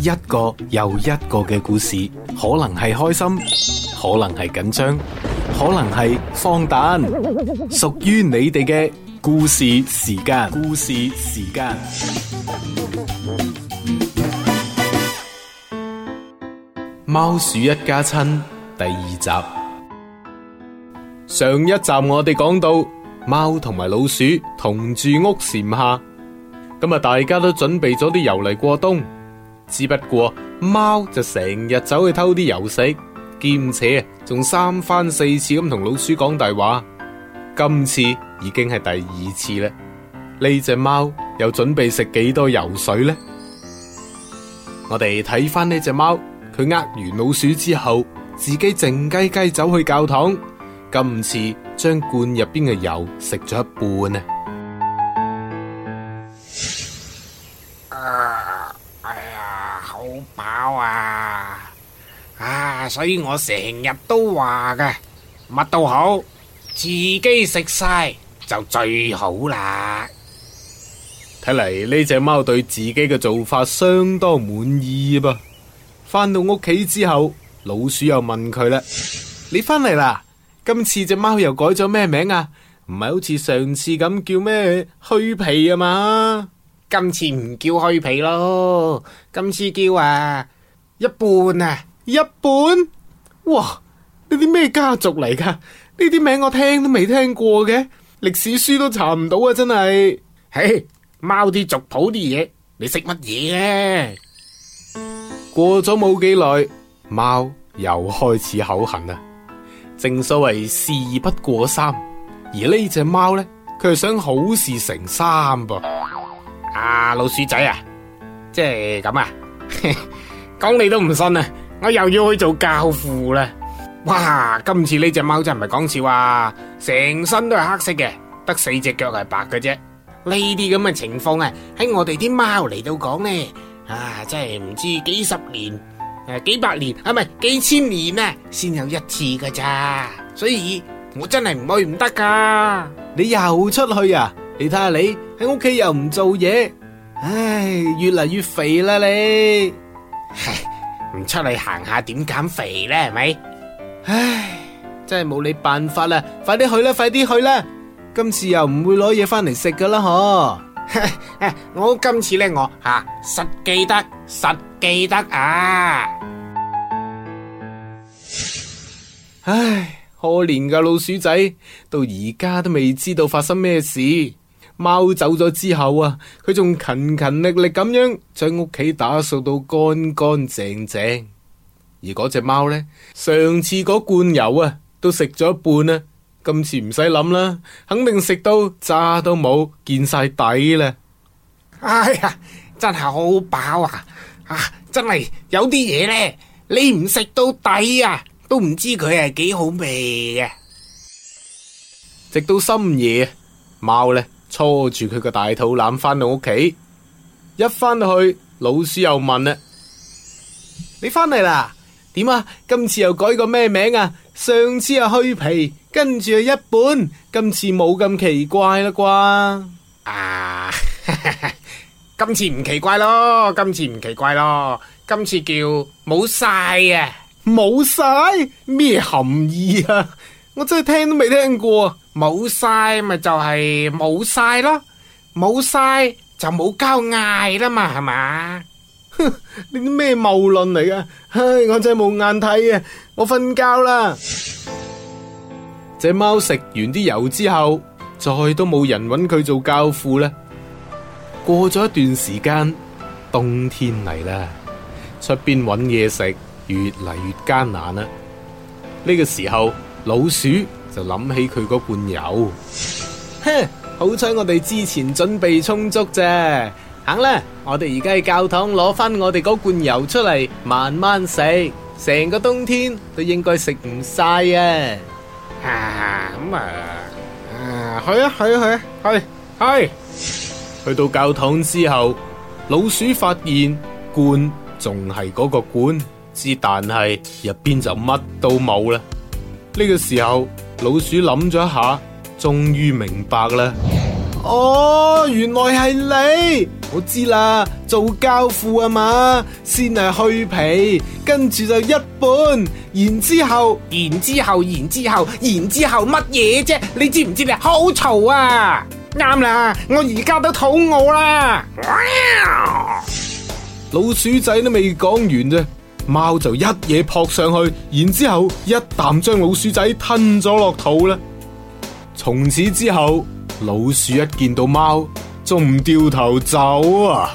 一個又一個嘅故事，可能係開心，可能係緊張，可能係荒誕，屬於 你哋嘅故事時間。故事時間。貓鼠一家親第二集。上一集我哋講到貓同埋老鼠同住屋檐下，今日，大家都準備咗啲油嚟過冬。只不過貓就成日走去偷啲油食，兼且仲三番四次咁同老鼠講大話，今次已經係第二次啦。呢隻貓又準備食幾多油水呢？我哋睇翻呢隻貓，佢呃完老鼠之後，自己靜雞雞走去教堂，今次將罐入邊嘅油食咗一半啊！啊！啊，所以我成日都話㗎，乜都好，自己食晒就最好啦。睇嚟呢隻貓對自己嘅做法相當滿意噃。翻到屋企之後，老鼠又問佢啦：你翻嚟啦？今次隻貓又改咗咩名啊？唔係好似上次咁叫咩虛皮啊嘛？今次唔叫虛皮咯，今次叫啊！一半啊，一半！哇，呢啲咩家族嚟噶？呢啲名我聽都未聽過嘅，歷史書都查唔到啊！真係，嘿，貓啲族譜啲嘢，你識乜嘢？過咗冇幾耐，貓又開始口痕啦。正所謂事不過三，而隻貓呢隻貓咧，佢係想好事成三噃啊。啊，老鼠仔啊，即係咁啊。 講你都唔信啊！我又要去做教父啦！哇，今次呢隻貓真係唔係講笑啊！成身都係黑色嘅，得四隻腳係白嘅啫。呢啲咁嘅情況啊，喺我哋啲貓嚟到講呢，啊，真係唔知幾十年，誒、啊，幾百年、啊，唔係幾千年呢？先有一次噶咋。所以我真係唔去唔得噶。你又出去啊？你睇下你喺屋企又唔做嘢，唉，越嚟越肥啦你。唉，唔出嚟行下點減肥咧，係咪？唉，真係冇你辦法啦！快啲去啦，快啲去啦！今次又唔會攞嘢翻嚟食噶啦，嗬！我今次咧，我吓、啊、實記得，實記得啊！唉，可憐噶老鼠仔，到而家都未知道發生咩事。貓走咗之後啊，佢仲勤勤力力咁樣將屋企打掃到乾乾淨淨。而嗰隻貓呢，上次嗰罐油啊，都食咗一半啦，今次唔使諗啦，肯定食到渣都冇，見晒底啦。哎呀，真係好飽啊！啊，真係有啲嘢呢，你唔食到底啊，都唔知佢係幾好味啊！直到深夜，貓呢。搓住佢個大肚腩翻到屋企，一翻去，老鼠又問啦： 你翻嚟啦，點啊？今次又改個咩名啊？上次係虛皮，跟住係一本，今次冇咁奇怪啦啩？啊哈哈，今次唔奇怪咯，今次唔奇怪咯，今次叫冇晒啊，冇晒咩含義啊？我真係聽都未聽過。冇晒咪就係冇晒咯，冇晒就冇交嗌啦嘛，係嘛？哼，呢啲咩謬論嚟嘅？唉，我真係冇眼睇啊！我瞓覺啦。隻貓食完啲油之後，再都冇人揾佢做教父啦。過咗一段時間，冬天嚟啦，出邊揾嘢食越嚟越艱難啦。呢個時候，老鼠，就諗起佢嗰罐油，哼！ 好彩我哋之前準備充足啫。行啦，我哋而家喺教堂攞翻我哋嗰罐油出嚟，慢慢食。成個冬天都應該食唔晒啊！咁啊，啊去啊去啊去啊去啊去啊！去，啊、 去到教堂之後，老鼠發現罐仲係嗰個罐，之但係入邊就乜都冇啦。呢、呢個時候。老鼠諗咗一下，終於明白啦。哦，原來係你，我知啦，做教父啊嘛，先係去皮，跟住就一半，然之後，然之後，然之後，然之後乜嘢啫？你知唔知啊？好嘈啊！啱啦，我而家都肚餓啦。老鼠仔都未講完啫。貓就一嘢撲上去，然之後一啖將老鼠仔吞咗落肚啦。從此之後，老鼠一見到貓，仲唔掉頭走啊。